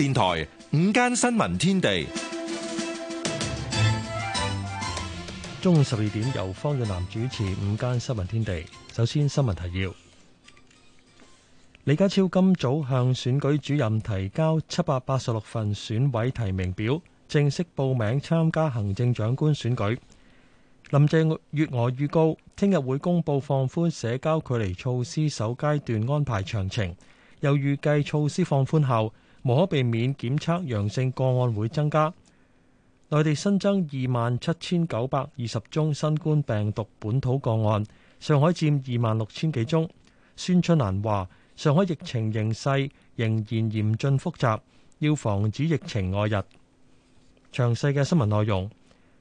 電台午間新聞天地，中午十二點，由方潤南主持《午間新聞天地》。首先新聞提要：李家超今早向選舉主任提交七百八十六份選委提名表，正式報名參加行政長官選舉。林鄭月娥預告，聽日會公布放寬社交距離措施首階段安排詳情，又預計措施放寬後，無可避免，檢測陽性個案會增加。內地新增二萬七千九百二十宗新冠病毒本土個案，上海佔二萬六千幾宗。孫春蘭話：上海疫情形勢仍然嚴峻複雜，要防止疫情外溢。詳細嘅新聞內容。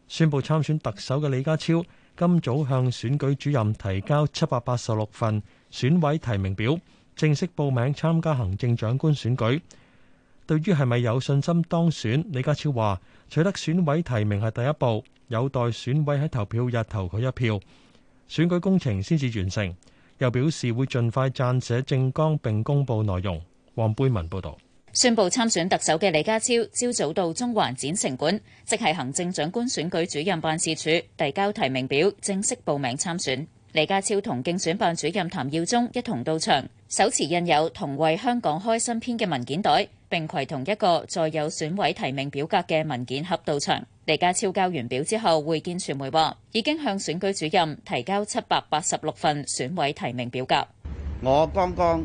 宣佈參選特首嘅李家超今早向選舉主任提交七百八十六份選委提名表，正式報名參加行政長官選舉。對於係咪有信心當選？李家超話取得選委提名係第一步，有待選委喺投票日投佢一票，選舉工程先至完成。又表示會盡快撰寫政綱並公佈內容。黃貝文報導。宣布參選特首嘅李家超，朝早到中環展城館，即係行政長官選舉主任辦事處遞交提名表，正式報名參選。李家超同競選辦主任譚耀宗一同到場，手持印有同為香港開新篇嘅文件袋。並攜同一個載有選委提名表格嘅文件盒到場。李家超交完表之後，會見傳媒話：已經向選舉主任提交七百八十六份選委提名表格。我剛剛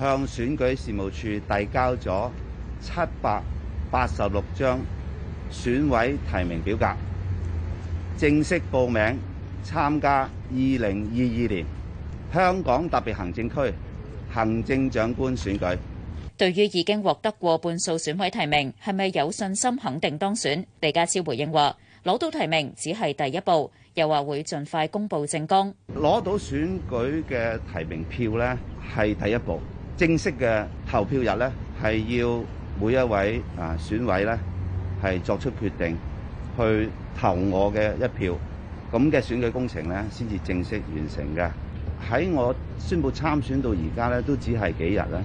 向選舉事務處遞交咗七百八十六張選委提名表格，正式報名參加二零二二年香港特別行政區行政長官選舉。對於已經獲得過半數選委提名，係咪有信心肯定當選？李家超回應話：攞到提名只係第一步，又話會盡快公布政綱。攞到選舉嘅提名票呢係第一步，正式嘅投票日呢係要每一位啊選委呢係作出決定去投我嘅一票，咁嘅選舉工程呢先至正式完成嘅。喺我宣布參選到而家呢都只係幾日咧。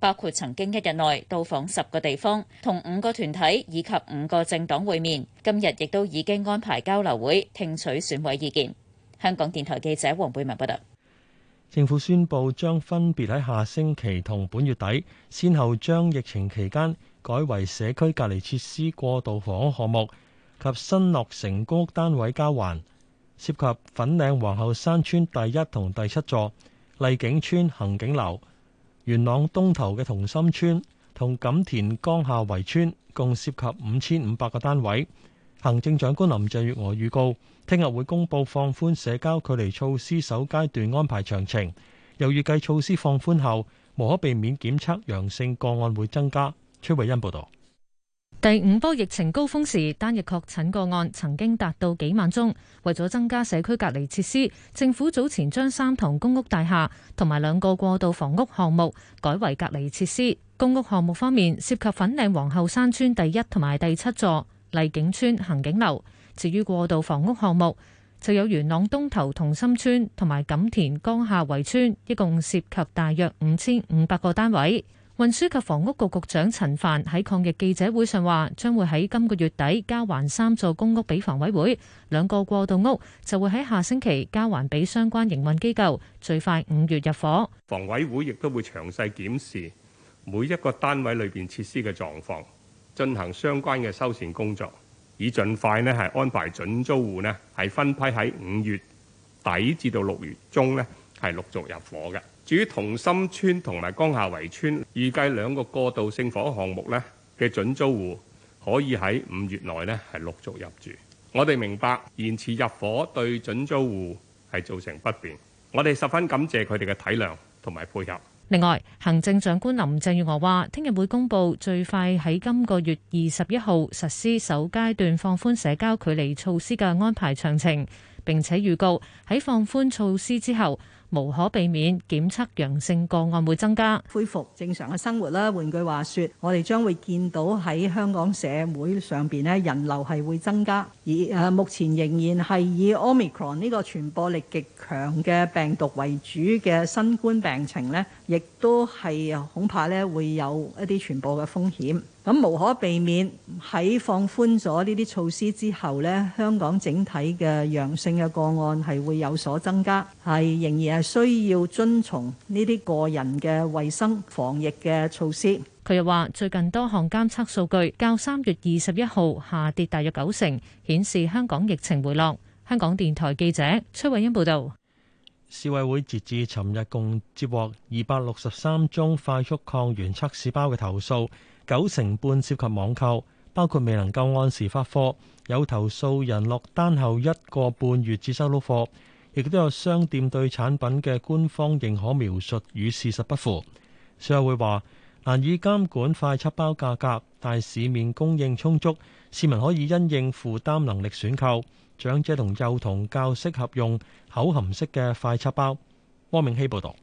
包括曾經一日內到訪十個地方，同五個團體以及五個政黨會面。今日亦都已經安排交流會，聽取選委意見。香港電台記者黃貝文報道。政府宣布將分別喺下星期同本月底，先後將疫情期間改為社區隔離設施過渡房屋項，項目及新落成公屋單位交還，涉及粉嶺皇后山邨第一同第七座、麗景邨恆景樓。元朗東頭嘅同心村同錦田江夏圍村共涉及五千五百個單位。行政長官林鄭月娥預告，聽日會公布放寬社交距離措施首階段安排詳情。又預計措施放寬後，無可避免檢測陽性個案會增加。崔慧欣報道。第五波疫情高峰時，單日確診個案曾經達到幾萬宗。為咗增加社區隔離設施，政府早前將三幢公屋大廈同埋兩個過渡房屋項目改為隔離設施。公屋項目方面，涉及粉嶺皇后山邨，第一同埋第七座、麗景邨恒景樓。至於過渡房屋項目，就有元朗東頭同心村同埋錦田江夏圍村，一共涉及大約五千五百個單位。運輸及房屋局局長陳帆喺抗疫記者會上話，將會喺今個月底交還三座公屋俾房委會，兩個過渡屋就會喺下星期交還俾相關營運機構，最快五月入伙。房委會亦都會詳細檢視每一個單位裏邊設施嘅狀況，進行相關嘅修繕工作，以盡快呢係安排準租戶呢係分批喺五月底至到六月中呢係陸續入伙嘅。至於同心村同埋江夏圍村，預計兩個過渡性房屋項目咧嘅準租戶可以喺五月內咧係陸續入住。我哋明白延遲入伙對準租戶係造成不便，我哋十分感謝佢哋嘅體諒同埋配合。另外，行政長官林鄭月娥話，聽日會公布最快喺今個月二十一號實施首階段放寬社交距離措施嘅安排詳情。並且預告喺放寬措施之後，無可避免，檢測陽性個案會增加，恢復正常嘅生活啦。換句話說，我哋將會見到喺香港社會上面咧人流係會增加，而誒目前仍然係以 Omicron 呢個傳播力極強嘅病毒為主嘅新冠病情咧，亦都係恐怕咧會有一啲傳播嘅風險。咁無可避免喺放寬咗呢啲措施之後，咧，香港整體嘅陽性嘅個案係會有所增加，係仍然係需要遵從呢啲個人嘅衛生防疫嘅措施。佢又話，最近多項監測數據較三月二十一號下跌大約九成，顯示香港疫情回落。香港電台記者崔慧欣報道。市委會截至尋日共接獲二百六十三宗快速抗原測試包嘅投訴。九成半涉及網購，包括未能夠按時發貨，有投訴人落單後一個半月至收到貨，亦都有商店對產品嘅官方認可描述與事實不符。消委會話難以監管快測包價格，但市面供應充足，市民可以因應負擔能力選購，長者同幼童較適合用口含式嘅快測包。汪明希報導。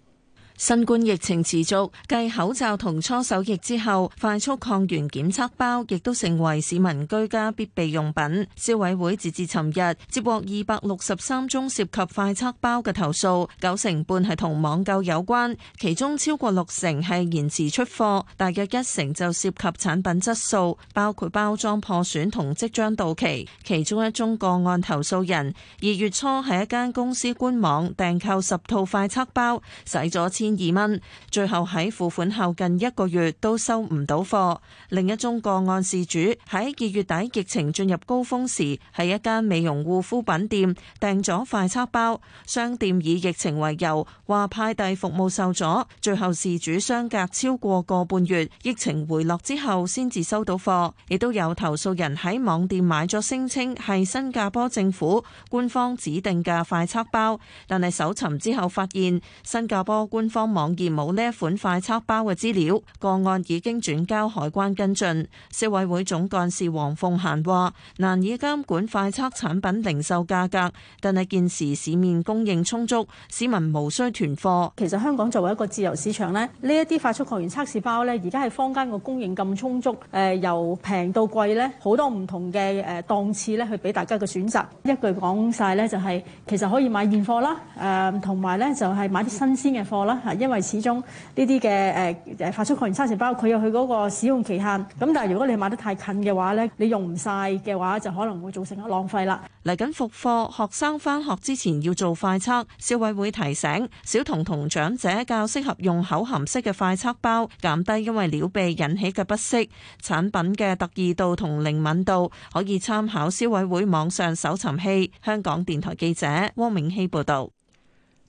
新冠疫情持續，繼口罩同搓手液之後，快速抗原檢測包亦都成為市民居家必備用品。消委會截至尋日接獲二百六十三宗涉及快測包嘅投訴，九成半係同網購有關，其中超過六成係延遲出貨，大約一成就涉及產品質素，包括包裝破損同即將到期。其中一宗個案，投訴人二月初喺一間公司官網訂購十套快測包，使咗千二蚊，最後喺付款後近一個月都收唔到貨。另一宗個案，事主喺二月底疫情進入高峰時，喺一間美容護膚品店訂咗快測包，商店以疫情為由話派遞服務受阻，最後事主相隔超過個半月，疫情回落之後先至收到貨。亦都有投訴人喺網店買咗，聲稱係新加坡政府官方指定嘅快測包，但係搜尋之後發現新加坡官。方網頁冇呢一款快測包嘅資料，個案已經轉交海關跟進。消委會總幹事黃鳳嫻話：難以監管快測產品零售價格，但係現時市面供應充足，市民無需囤貨。其實香港作為一個自由市場呢，呢一啲快速抗原測試包呢，而家喺坊間個供應咁充足，誒由平到貴呢，好多唔同嘅誒檔次呢，去俾大家嘅選擇。一句講晒呢，就係其實可以買現貨啦，誒同埋呢就係買啲新鮮嘅貨啦。係因為始終呢啲嘅誒誒快速抗原測試包，佢有佢嗰個使用期限。咁但係如果你買得太近嘅話咧，你用唔晒嘅話，就可能會造成嘅浪費啦。嚟緊復課，學生返學之前要做快測，消委會提醒小童同長者較適合用口含式嘅快測包，減低因為撩鼻引起嘅不適。產品嘅特異度同靈敏度可以參考消委會網上搜尋器。香港電台記者汪明熙報導。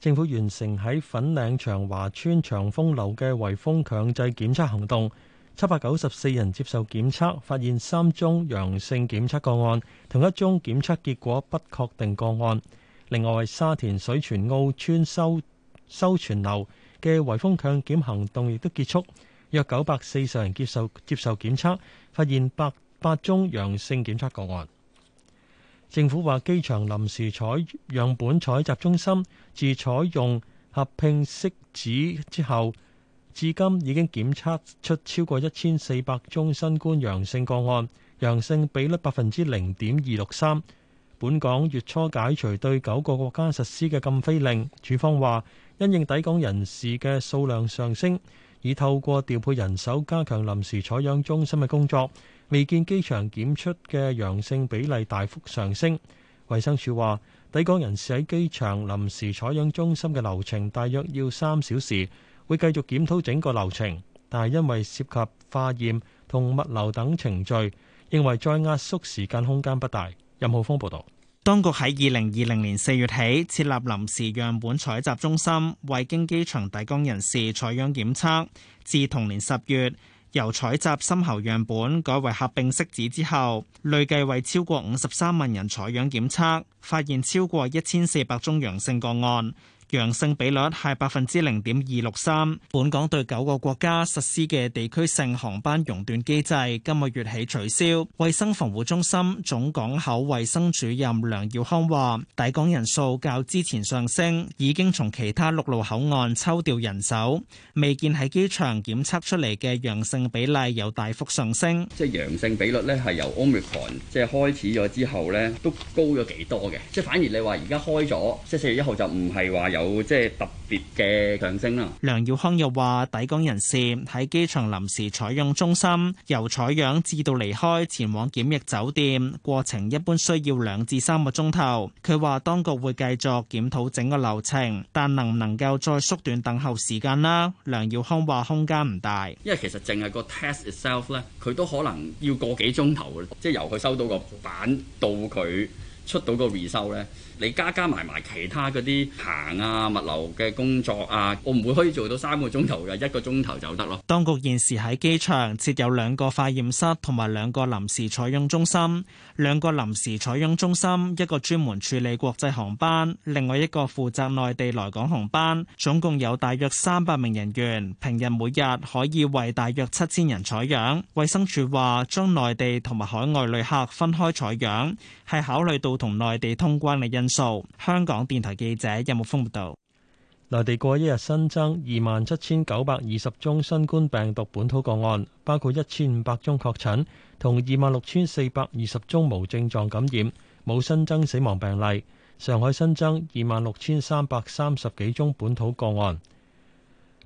政府完成喺粉嶺長華邨長風樓嘅圍封強制檢測行動，七百九十四人接受檢測，發現三宗陽性檢測個案，同一宗檢測結果不確定個案。另外，沙田水泉澳邨秀秀泉樓嘅圍封強檢行動亦都結束，約九百四十人接受接受檢測，發現百八宗陽性檢測個案。政府話，機場臨時採樣本採集中心自採用合併拭子之後，至今已經檢測出超過一千四百宗新冠陽性個案，陽性比率百分之零點二六三。本港月初解除對九個國家實施嘅禁飛令，署方話，因應抵港人士嘅數量上升，已透過調配人手加強臨時採樣中心嘅工作。未見機場檢出嘅陽性比例大幅上升。衛生署話，抵港人士喺機場臨時採樣中心嘅流程，大約要三小時，會繼續檢討整個流程，但係因為涉及化驗同物流等程序，認為再壓縮時間空間不大。任浩峰報導。當局喺2020年4月起設立臨時樣本採集中心，為經機場抵港人士採樣檢測，至同年10月。由採集深喉樣本改為合併拭子之後，累計為超過五十三萬人採樣檢測，發現超過一千四百宗陽性個案。陽性比率係百分之零點二六三。本港對九個國家實施嘅地區性航班熔斷機制，今個月起取消。衛生防護中心總港口衞生主任梁耀康話：抵港人數較之前上升，已經從其他陸路口岸抽調人手，未見喺機場檢測出嚟嘅陽性比例有大幅上升。即係陽性比率咧，係由 Omicron 即係開始咗之後咧，都高咗幾多嘅。即反而你話而家開咗，即係四月一號就唔係話有。有即係特別嘅強升啦。梁耀康又話抵港人士喺機場臨時採樣中心由採樣至到離開前往檢疫酒店，過程一般需要兩至三個鐘頭，佢話當局會繼續檢討整個流程，但能唔能夠再縮短等候時間啦，梁耀康話空間唔大，因為其實淨係個 test itself 咧，佢都可能要個幾鐘頭，即係由佢收到個板到佢。出到個維修咧，你加加埋埋其他嗰啲行啊、物流嘅工作啊，我唔會可以做到三個鐘頭嘅一個鐘頭就得咯。當局現時喺機場設有兩個化驗室同埋兩個臨時採樣中心，兩個臨時採樣中心一個專門處理國際航班，另外一個負責內地來港航班。總共有大約三百名人員，平日每日可以為大約七千人採樣。衛生署話將內地同埋海外旅客分開採樣。係考慮到同內地通關嘅因素，香港電台記者任木峯報道。內地過一日新增二萬七千九百二十宗新冠病毒本土個案，包括一千五百宗確診，同二萬六千四百二十宗無症狀感染，冇新增死亡病例。上海新增二萬六千三百三十幾宗本土個案。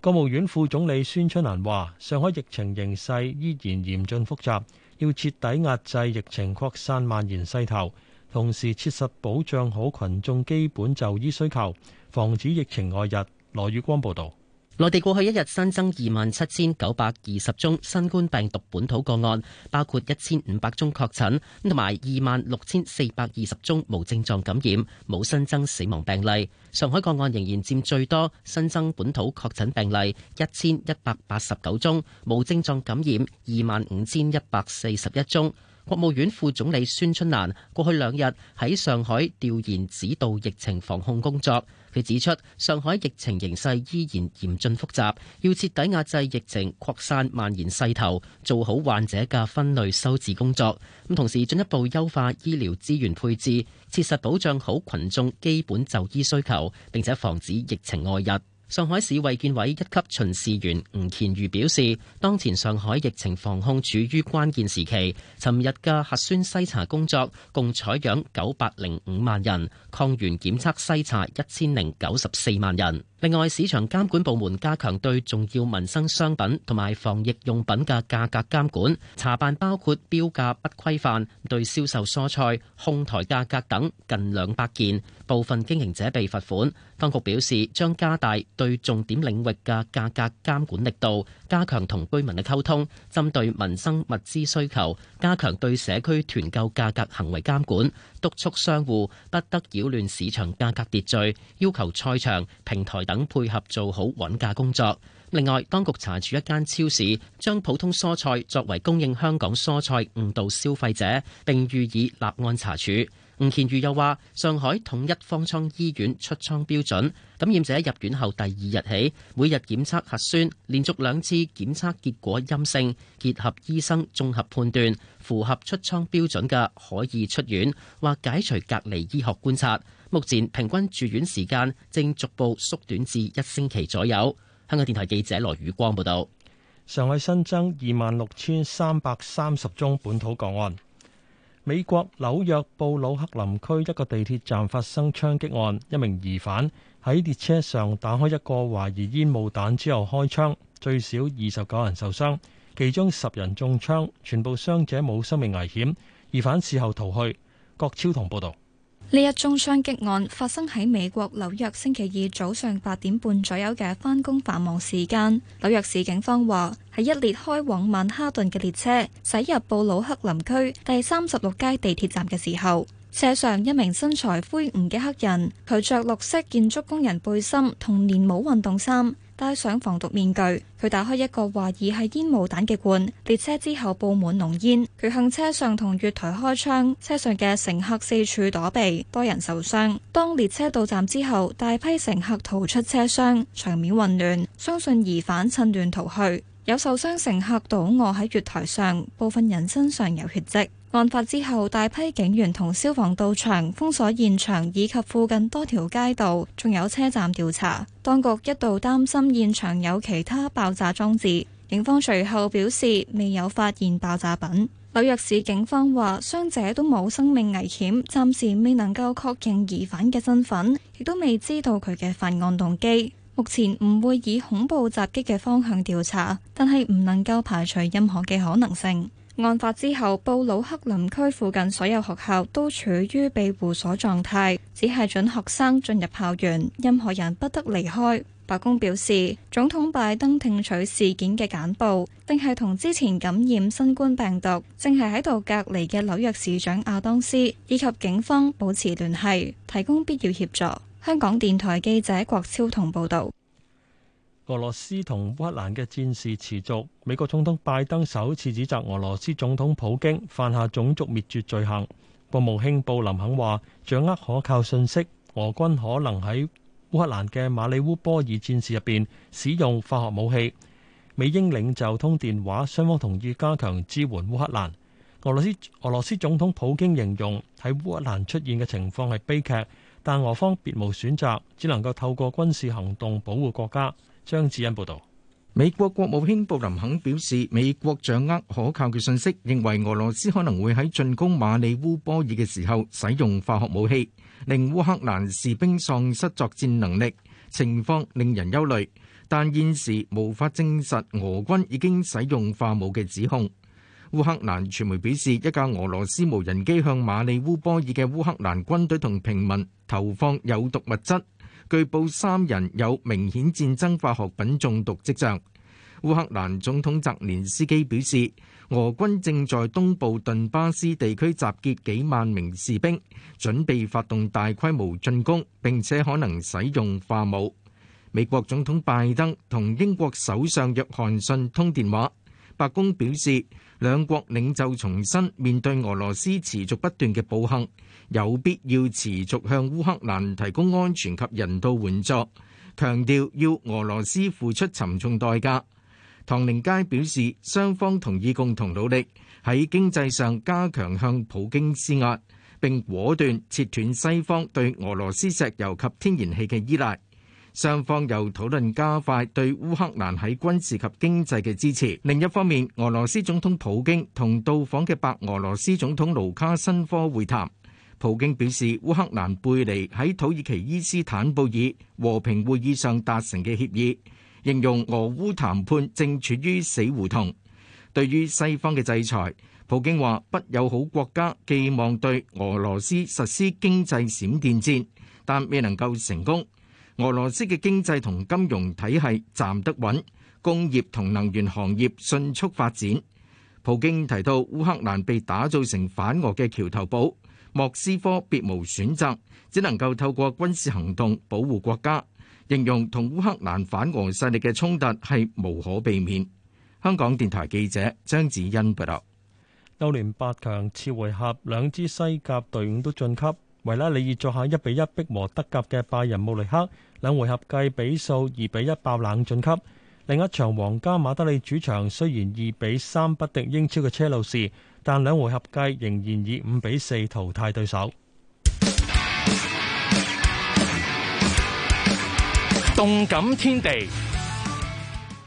國務院副總理孫春蘭話：上海疫情形勢依然嚴峻複雜。要徹底壓制疫情擴散蔓延勢頭，同時切實保障好群眾基本就醫需求，防止疫情外溢。羅宇光報導。內地過去一日新增二萬七千九百二十宗新冠病毒本土個案，包括一千五百宗確診，同埋二萬六千四百二十宗無症狀感染，冇新增死亡病例。上海個案仍然佔最多，新增本土確診病例一千一百八十九宗，無症狀感染二萬五千一百四十一宗。國務院副總理孫春蘭過去兩日喺上海調研指導疫情防控工作。佢指出，上海疫情形勢依然嚴峻複雜，要徹底壓制疫情擴散蔓延勢頭，做好患者嘅分類收治工作。咁同時進一步優化醫療資源配置，切實保障好群眾基本就醫需求，並且防止疫情外溢。上海市衛健委一級巡視員吳乾瑜表示，當前上海疫情防控處於關鍵時期。尋日嘅核酸篩查工作共採樣九百零五萬人。抗原檢測篩查一千零九十四萬人。另外，市場監管部門加強對重要民生商品同埋防疫用品嘅價格監管，查辦包括標價不規範、對銷售蔬菜、哄抬價格等近兩百件，部分經營者被罰款。當局表示，將加大對重點領域嘅價格監管力度。加強同居民嘅溝通，針對民生物資需求，加強對社區團購價格行為監管，督促商戶不得擾亂市場價格秩序，要求菜場、平台等配合做好穩價工作。另外，當局查處一間超市將普通蔬菜作為供應香港蔬菜誤導消費者，並予以立案查處。吳乾渝又話：上海統一方艙醫院出艙標準，感染者入院後第二日起，每日檢測核酸，連續兩次檢測結果陰性，結合醫生綜合判斷，符合出艙標準嘅可以出院或解除隔離醫學觀察。目前平均住院時間正逐步縮短至一星期左右。香港電台記者羅宇光報道。上海新增二萬六千三百三十宗本土個案。美國紐約布魯克林區一個地鐵站發生槍擊案，一名疑犯喺列車上打開一個懷疑煙霧彈之後開槍，最少二十九人受傷，其中十人中槍，全部傷者冇生命危險。疑犯事後逃去。郭超同報道。呢一宗槍擊案發生喺美國紐約星期二早上八點半左右嘅返工繁忙時間。紐約市警方話，喺一列開往曼哈頓嘅列車駛入布魯克林區第三十六街地鐵站嘅時候，車上一名身材魁梧嘅黑人，佢着綠色建築工人背心同連帽運動衫。戴上防毒面具，佢打開一個懷疑係煙霧彈嘅罐，列車之後佈滿濃煙。佢向車上同月台開槍，車上嘅乘客四處躲避，多人受傷。當列車到站之後，大批乘客逃出車廂，場面混亂。相信疑犯趁亂逃去，有受傷乘客倒卧喺月台上，部分人身上有血跡。案發之後，大批警員同消防到場封鎖現場以及附近多條街道，仲有車站調查。當局一度擔心現場有其他爆炸裝置，警方隨後表示未有發現爆炸品。紐約市警方話，傷者都冇生命危險，暫時未能夠確認疑犯嘅身份，亦都未知道佢嘅犯案動機。目前唔會以恐怖襲擊嘅方向調查，但係唔能夠排除任何嘅可能性。案發之後，布魯克林區附近所有學校都處於庇護所狀態，只係准學生進入校園，任何人不得離開。白宮表示，總統拜登聽取事件嘅簡報，定係同之前感染新冠病毒、正係喺度隔離嘅紐約市長阿當斯以及警方保持聯繫，提供必要協助。香港電台記者郭超同報導。俄羅斯同烏克蘭嘅戰事持續。美國總統拜登首次指責俄羅斯總統普京犯下種族滅絕罪行。國務卿布林肯話：掌握可靠信息，俄軍可能喺烏克蘭嘅馬里烏波爾戰事入面使用化學武器。美英領袖通電話，雙方同意加強支援烏克蘭。俄羅斯俄羅斯總統普京形容喺烏克蘭出現嘅情況係悲劇，但俄方別無選擇，只能夠透過軍事行動保護國家。張智恩報道，美國國務卿布林肯表示，美國掌握可靠嘅信息，認為俄羅斯可能會喺進攻馬里烏波爾嘅時候使用化學武器，令烏克蘭士兵喪失作戰能力，情況令人憂慮。但現時無法證實俄軍已經使用化武嘅指控。烏克蘭傳媒表示，一架俄羅斯無人機向馬里烏波爾嘅烏克蘭軍隊同平民投放有毒物質。據報三人有明顯戰爭化學品中毒跡象。烏克蘭總統澤連斯基表示，俄軍正在東部頓巴斯地區集結幾萬名士兵，準備發動大規模進攻，並且可能使用化武。美國總統拜登同英國首相約翰遜通電話，白宮表示兩國領袖重申面對俄羅斯持續不斷嘅暴行。有必要持續向烏克蘭提供安全及人道援助，強調要俄羅斯付出沉重代價。唐寧街表示，雙方同意共同努力，喺經濟上加強向普京施壓，並果斷切斷西方對俄羅斯石油及天然氣嘅依賴。雙方又討論加快對烏克蘭喺軍事及經濟嘅支持。另一方面，俄羅斯總統普京同到訪嘅白俄羅斯總統盧卡申科會談。普京表示，烏克蘭背離喺土耳其伊斯坦布爾和平會議上達成嘅協議，形容俄烏談判正處於死胡同。對於西方嘅制裁，普京話不友好國家寄望對俄羅斯實施經濟閃電戰，但未能夠成功。俄羅斯嘅經濟同金融體系站得穩，工業同能源行業迅速發展。普京提到，烏克蘭被打造成反俄嘅橋頭堡。莫斯科別無選擇，只能夠透過軍事行動保護國家。形容同烏克蘭反俄勢力嘅衝突係無可避免。香港電台記者張子欣報道：歐聯八強次回合兩支西甲隊伍都晉級，維拉利爾作下一比一逼和德甲嘅拜仁慕尼克，兩回合計比數二比一爆冷晉級。另一場皇家馬德里主場雖然二比三不敵英超嘅車路士。但兩回合計仍然以五比四淘汰對手。動感天地，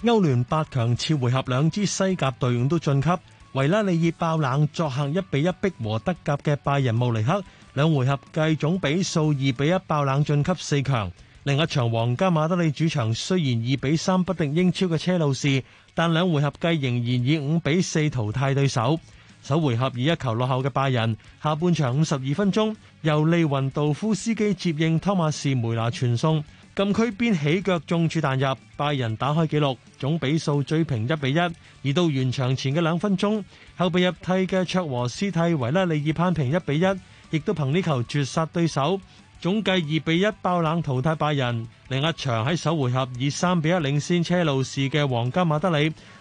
歐聯八強次回合兩支西甲隊伍都晉級，維拉利爾爆冷作客一比一逼和德甲嘅拜仁慕尼黑，兩回合計總比數二比一爆冷晉級四強。另一場皇家馬德里主場雖然二比三不敵英超嘅車路士，但兩回合計仍然以五比四淘汰對手。首回合以一球落後嘅拜仁，下半場五十二分鐘由利雲道夫斯基接應托馬士梅拿傳送，禁區邊起腳中柱彈入，拜仁打開紀錄，總比數追平一比一。而到完場前嘅兩分鐘，後備入替嘅卓和斯替維拉利爾攀平一比一，亦都憑呢球絕殺對手，總計二比一爆冷淘汰拜仁。另一場喺首回合以三比一領先車路士嘅皇家馬德里。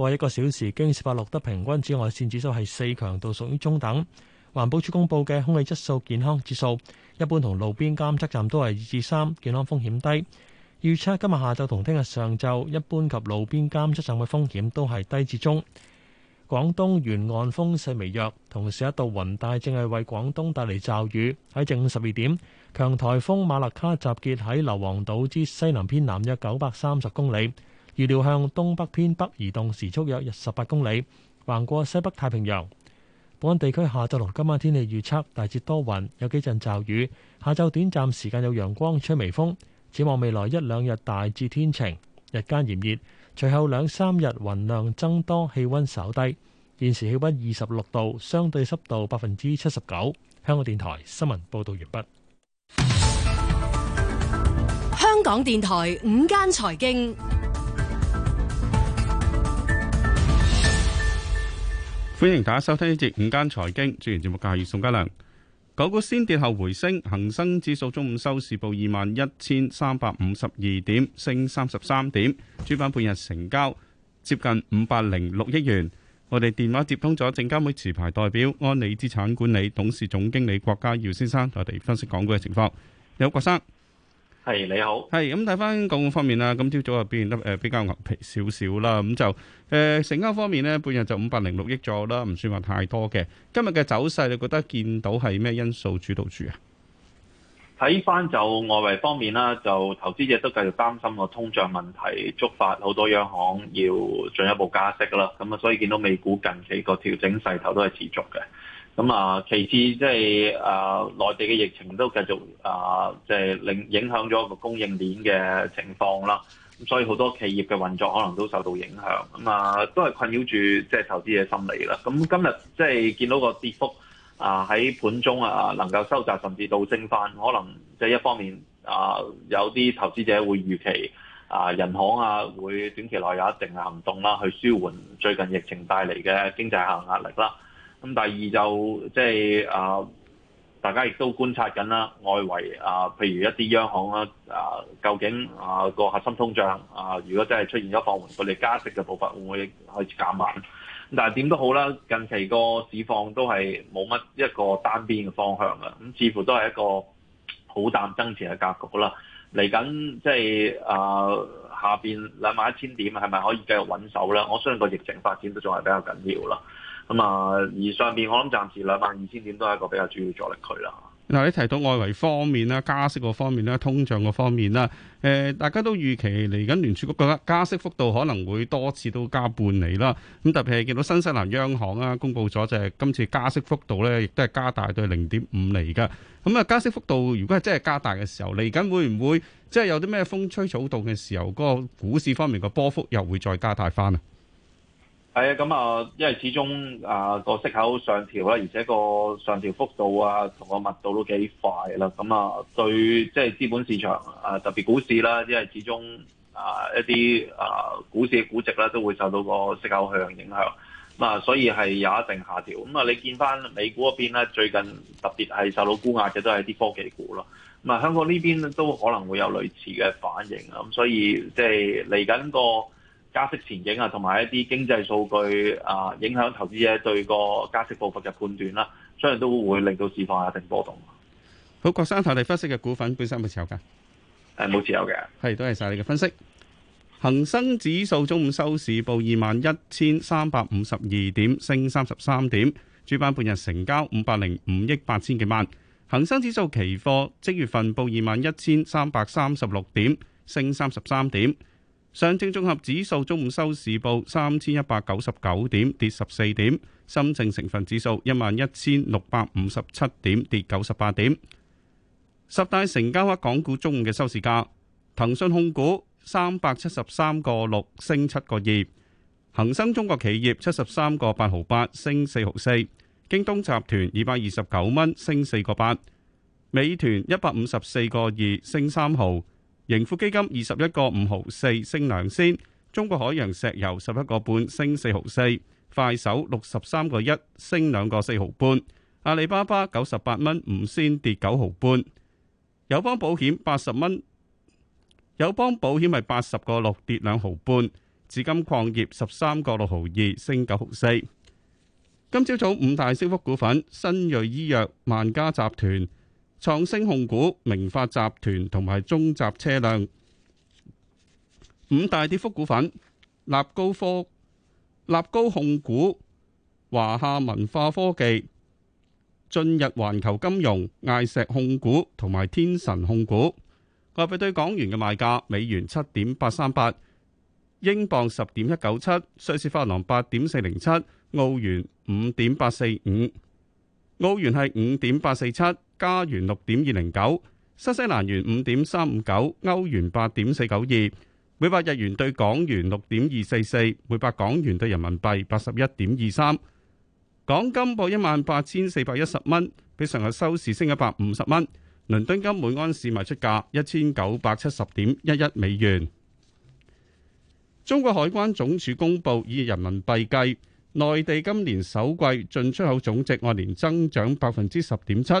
過去一個小時，京士柏錄得平均紫外線指數係四強度，屬於中等。環保署公布嘅空氣質素健康指數，一般同路邊監測站都係二至三，健康風險低。預測今日下晝同聽日上晝，一般及路邊監測站嘅風險都係低至中。廣東沿岸風勢微弱，同時一道雲帶正係為廣東帶嚟驟雨。喺正午十二點，強颱風馬勒卡集結喺硫磺島之西南偏南約九百三十公里。預料向東北偏北移動，時速約十八公里，橫過西北太平洋。本港地區下晝同今晚天氣預測大致多雲，有幾陣驟雨。下晝短暫時間有陽光，吹微風。展望未來一兩日大致天晴，日間炎熱。隨後兩三日雲量增多，氣温稍低。現時氣温二十六度，相對濕度百分之七十九。香港電台新聞報道完畢。香港電台五間財經。歡迎大家收聽呢節午間財經，主持節目嘅係宋家良。港股先跌後回升，恒生指數中午收市報二萬一千三百五十二點，升三十三點。主板半日成交接近五百零六億元。我哋電話接通咗證監會持牌代表安理資產管理董事總經理郭家耀先生，我哋分析港股嘅情況。你好，郭生。係你好，係咁睇翻港股方面啦，咁朝早就變得，誒比較牛皮少少啦，咁就誒、呃、成交方面呢，半日就五百零六億左右啦，唔算話太多嘅。今日嘅走勢，你覺得見到係咩因素主導住啊？睇翻就外圍方面啦，就投資者都繼續擔心個通脹問題，觸發好多央行要進一步加息啦。咁啊，所以見到美股近期個調整勢頭都係持續嘅。咁啊，其次即係啊，內地嘅疫情都繼續啊，即係影影響咗個供應鏈嘅情況啦。咁所以好多企業嘅運作可能都受到影響。咁啊，都係困擾住即係投資者心理啦。咁今日即係見到個跌幅啊，喺盤中啊能夠收窄，甚至到升翻，可能即係一方面啊，有啲投資者會預期啊，銀行啊會短期內有一定嘅行動啦，去舒緩最近疫情帶嚟嘅經濟下壓力啦。咁第二就即、是、係啊，大家亦都觀察緊啦，外圍啊，譬如一啲央行啦啊，究竟啊個核心通脹啊，如果真係出現咗放緩佢哋加息嘅步伐，會唔會開始減慢？但係點都好啦，近期個市況都係冇乜一個單邊嘅方向啊，咁似乎都係一個好淡增持嘅格局啦。嚟緊即係啊，就是、啊下邊兩萬一千點係咪可以繼續穩守咧？我相信個疫情發展都仲係比較緊要咯。咁啊，而上面我諗暫時兩萬二千點都係一個比較主要阻力區啦。嗱，你提到外圍方面啦，加息個方面啦，通脹個方面啦，誒，大家都預期嚟緊聯儲局覺得加息幅度可能會多次都加半厘啦。咁特別係見到新西蘭央行啊，公布咗就係今次加息幅度咧，亦都係加大到零點五厘㗎。咁啊，加息幅度如果係真係加大嘅時候，嚟緊會唔會即係有啲咩風吹草動嘅時候，嗰個股市方面個波幅又會再加大返啊？係啊，咁啊，因為始終啊個息口上調啦，而且個上調幅度啊同個密度都幾快啦，咁啊對即係資本市場啊特別股市啦，因為始終啊一啲啊股市嘅估值咧都會受到個息口向影響，咁啊所以係有一定下調，咁啊你見翻美股嗰邊咧最近特別係受到沽壓嘅都係啲科技股咯，咁啊香港呢邊都可能會有類似嘅反應，咁所以即係嚟緊個。加息前景啊，同埋一啲經濟數據啊，影響投資者對個加息步伐嘅判斷啦、啊，相信都會令到市況有一定波動、啊。好，郭生投地分析嘅股份本身有冇持有嘅？誒，冇持有嘅。係，多謝晒你嘅分析。恒生指數中午收市報二萬一千三百五十二點，升三十三點。主板半日成交五百零五億八千幾萬。恒生指數期貨即月份報二萬一千三百三十六點，升三十三點。上證綜合指數中午收市報三千一百九十九點，跌十四點。深證成分指數一萬一千六百五十七點，跌九十八點。十大成交額港股中午嘅收市價：騰訊控股三百七十三個六，升七個二；恒生中國企業七十三個八毫八，升四毫四；京東集團二百二十九蚊，升四個八；美團一百五十四個二，升三毫。盈富基金二十一個五毫四升兩仙，中國海洋石油十一個半升四毫四，快手六十三個一升兩個四毫半，阿里巴巴九十八蚊五仙跌九毫半，友邦保險八十蚊，友邦保險係八十個六跌兩毫半，紫金礦業十三個六毫二升九毫四。今朝早五大升幅股份：新瑞醫藥、萬家集團。創升控股、明發集團同埋中集車輛。五大跌幅股份：立高科、立高控股、華夏文化科技、駿日環球金融、艾石控股同埋天神控股。外幣對港元嘅賣價：美元七點八三八，英鎊十點一九七，瑞士法郎八點四零七，澳元五點八四五，澳元係五點八四七。加元六點二零九，新西蘭元五點三五九，歐元八點四九二，每百日元對港元六點二四四，每百港元對人民幣八十一點二三。港金報一萬八千四百一十蚊，比上日收市升一百五十蚊。倫敦金每安士賣出價一千九百七十點一一美元。中國海關總署公布，以人民幣計，內地今年首季進出口總值按年增長百分之十點七。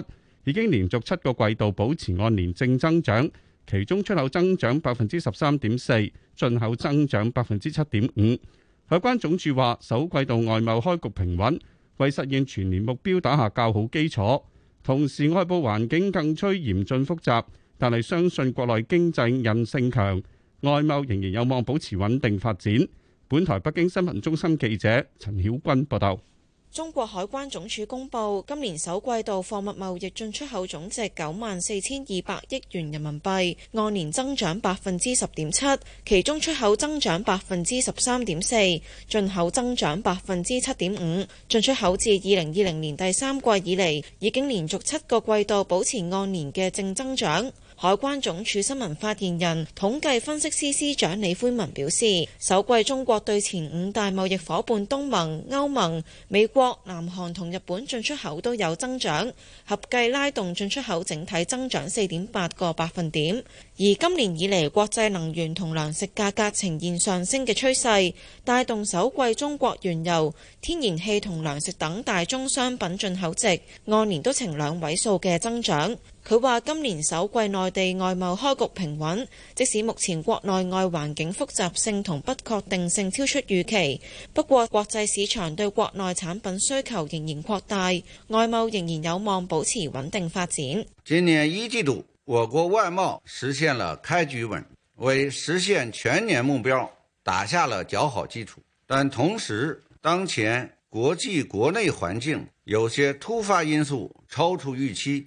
已經連續七個季度保持按年正增長，其中出口增長百分之十三點四，進口增長百分之七點五。海關總署話，首季度外貿開局平穩，為實現全年目標打下較好基礎。同時，外部環境更趨嚴峻複雜，但係相信國內經濟韌性強，外貿仍然有望保持穩定發展。本台北京新聞中心記者陳曉君報道。中國海關總署公布，今年首季度貨物貿易進出口總值九萬四千二百億元人民幣，按年增長百分之十點七，其中出口增長百分之十三點四，進口增長百分之七點五，進出口自二零二零年第三季以嚟，已經連續七個季度保持按年嘅正增長。海關總署新聞發言人、統計分析師司長李魁文表示，首季中國對前五大貿易夥伴東盟、歐盟、美國、南韓同日本進出口都有增長，合計拉動進出口整體增長四點八個百分點。而今年以嚟，國際能源同糧食價格呈現上升嘅趨勢，帶動首季中國原油、天然氣同糧食等大宗商品進口值按年都呈兩位數嘅增長。佢話：今年首季內地外貿開局平穩，即使目前國內外環境複雜性同不確定性超出預期，不過國際市場對國內產品需求仍然擴大，外貿仍然有望保持穩定發展。今年一季度，我國外貿實現了開局穩，為實現全年目標打下了較好基礎。但同時，當前國際國內環境有些突發因素超出預期。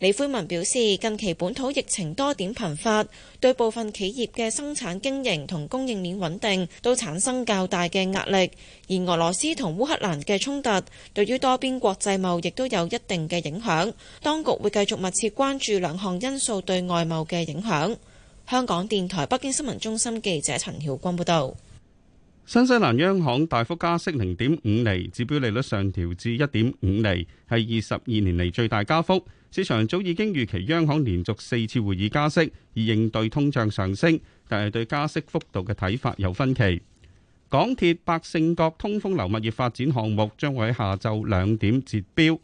李輝文表示，近期本土疫情多點頻發，對部分企業嘅生產經營同供應鏈穩定都產生較大嘅壓力。而俄羅斯同烏克蘭嘅衝突，對於多邊國際貿易都有一定嘅影響，當局會繼續密切關注兩項因素對外貿嘅影響，香港電台北京新聞中心記者陳曉光報道。新西蘭央行大幅加息零點五厘，指標利率上調至一點五厘，係二十二年嚟最大加幅。市場早已經預期央行連續四次會議加息，以應對通脹上升，但係對加息幅度嘅睇法有分歧。港鐵百勝角通風樓物業發展項目將會喺下晝兩點截標，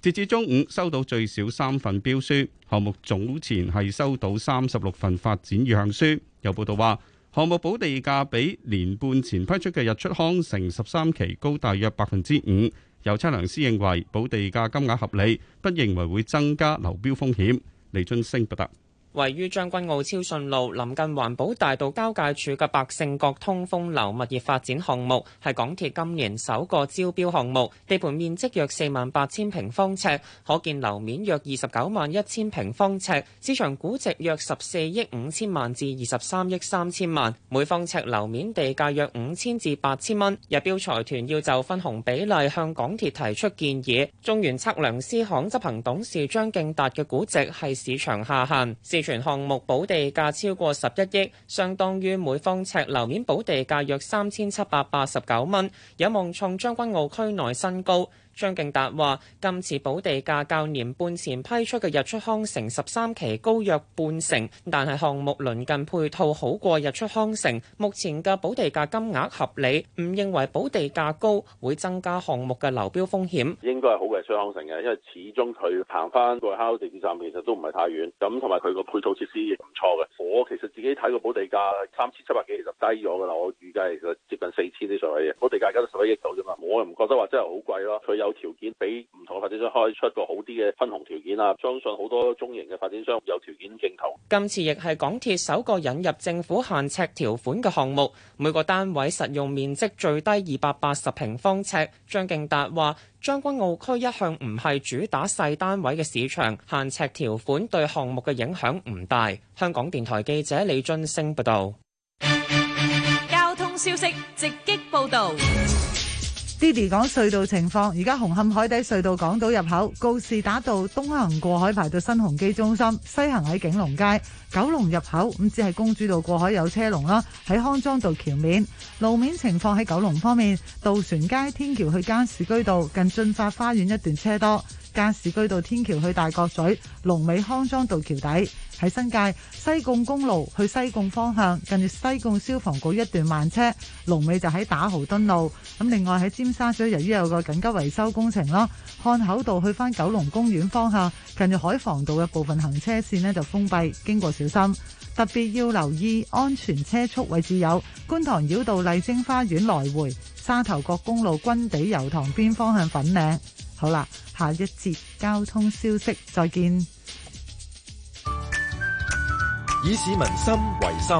截至中午收到最少三份標書，項目早前係收到三十六份發展意向書。有報道話，項目補地價比年半前批出嘅日出康城十三期高大約百分之五。有測量師認為補地價金額合理，不認為會增加流標風險。李俊升報道。位於將軍澳超信路、臨近環保大道交界處嘅百勝角通風樓物業發展項目，係港鐵今年首個招標項目，地盤面積約四萬八千平方尺，可建樓面約二十九萬一千平方尺，市場估值約十四億五千萬至二十三億三千萬，每方尺樓面地價約五千至八千蚊。入標財團要就分紅比例向港鐵提出建議。中原測量師行執行董事張敬達嘅估值係市場下限。全項目保地價超過十一億，相當於每方呎樓面保地價約三千七百八十九蚊，有望創將軍澳區內新高。張敬達話：今次補地價較年半前批出嘅日出康城十三期高約半成，但係項目鄰近配套好過日出康城，目前嘅補地價金額合理，唔認為補地價高會增加項目嘅流標風險。應該係好嘅，日出康城嘅，因為始終佢行翻過去香港地鐵站其實都唔係太遠，咁同埋佢個配套設施亦唔錯嘅。我其實自己睇個補地價三千七百幾，其實低咗㗎啦，我預計接近四千啲上去，補地價都十一億度啫嘛，我又唔覺得話真係好貴咯，佢有有條件俾唔同發展商開出個好啲嘅分紅條件啊。相信好多中型嘅發展商有條件競投。今次亦係港鐵首個引入政府限尺條款嘅項目，每個單位實用面積最低二百八十平方尺。張敬達話：將軍澳區一向唔係主打細單位嘅市場，限尺條款對項目嘅影響唔大。香港電台記者李俊升報道。交通消息直擊報道。Diddy 講隧道情況，而家紅磡海底隧道港島入口告士打道東行過海排到新鴻基中心，西行喺景隆街九龍入口，咁只係公主道過海有車龍啦，喺康莊道橋面路面情況喺九龍方面，渡船街天橋去加士居道近駿發花園一段車多。加士居道天橋去大角咀、龍尾康莊道橋底，喺新界西貢公路去西貢方向，近住西貢消防局一段慢車；龍尾就喺打豪敦路。咁另外喺尖沙咀，由於有個緊急維修工程咯，漢口道去翻九龍公園方向，近住海防道嘅部分行車線呢就封閉，經過小心。特別要留意安全車速位置有觀塘繞道麗晶花園來回、沙頭角公路軍地油塘邊方向粉嶺。好啦，下一節交通消息再見。以市民心為心，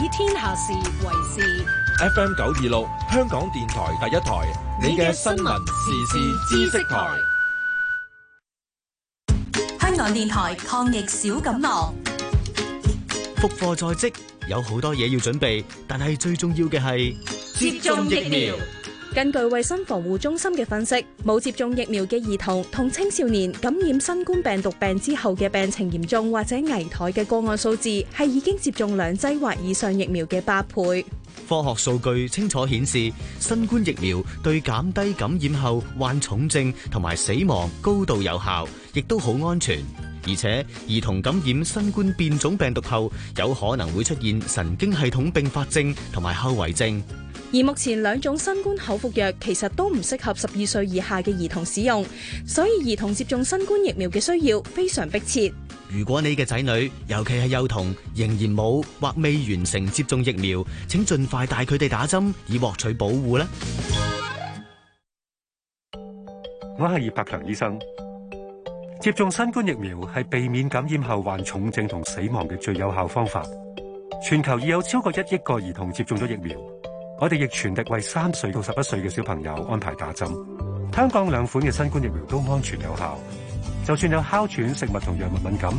以天下事為事。FM 九二六，香港電台第一台，你嘅新聞時事知識台。香港電台抗疫小錦囊。復課在即，有好多嘢要準備，但係最重要嘅係接種疫苗。根據衞生防護中心嘅分析，冇接種疫苗嘅兒童同青少年感染新冠病毒病之後嘅病情嚴重或者危殆嘅個案數字係已經接種兩劑或以上疫苗嘅八倍。科學數據清楚顯示，新冠疫苗對減低感染後患重症同埋死亡高度有效，亦都好安全。而且，兒童感染新冠變種病毒後，有可能會出現神經系統併發症同埋後遺症。而目前兩種新冠口服藥其實都唔適合十二歲以下嘅兒童使用，所以兒童接種新冠疫苗嘅需要非常迫切。如果你嘅仔女，尤其係幼童，仍然冇或未完成接種疫苗，請盡快帶佢哋打針，以獲取保護啦。我係葉柏強醫生，接種新冠疫苗係避免感染後患重症同死亡嘅最有效方法。全球已有超過一億個兒童接種咗疫苗。我哋亦全力為三歲到十一歲嘅小朋友安排打針。香港兩款嘅新冠疫苗都安全有效，就算有哮喘、食物同藥物敏感，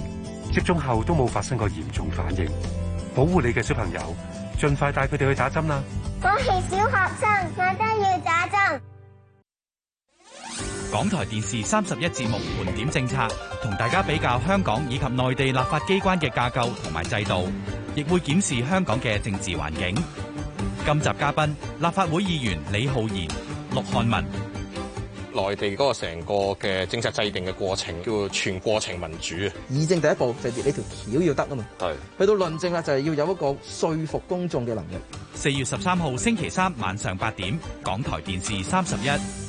接種後都冇發生過嚴重反應。保護你嘅小朋友，盡快帶佢哋去打針啦！我係小學生，我都要打針。港台電視三十一節目，盤點政策，同大家比較香港以及內地立法機關嘅架構同埋制度，亦會檢視香港嘅政治環境。今集嘉賓：立法會議員李浩然、陸漢文。內地嗰個成個嘅政策制定嘅過程叫全過程民主。議政第一步就係呢條橋要得啊嘛。係。對去到論證啦，就係、是、要有一個說服公眾嘅能力。四月十三號星期三晚上八點，港台電視三十一。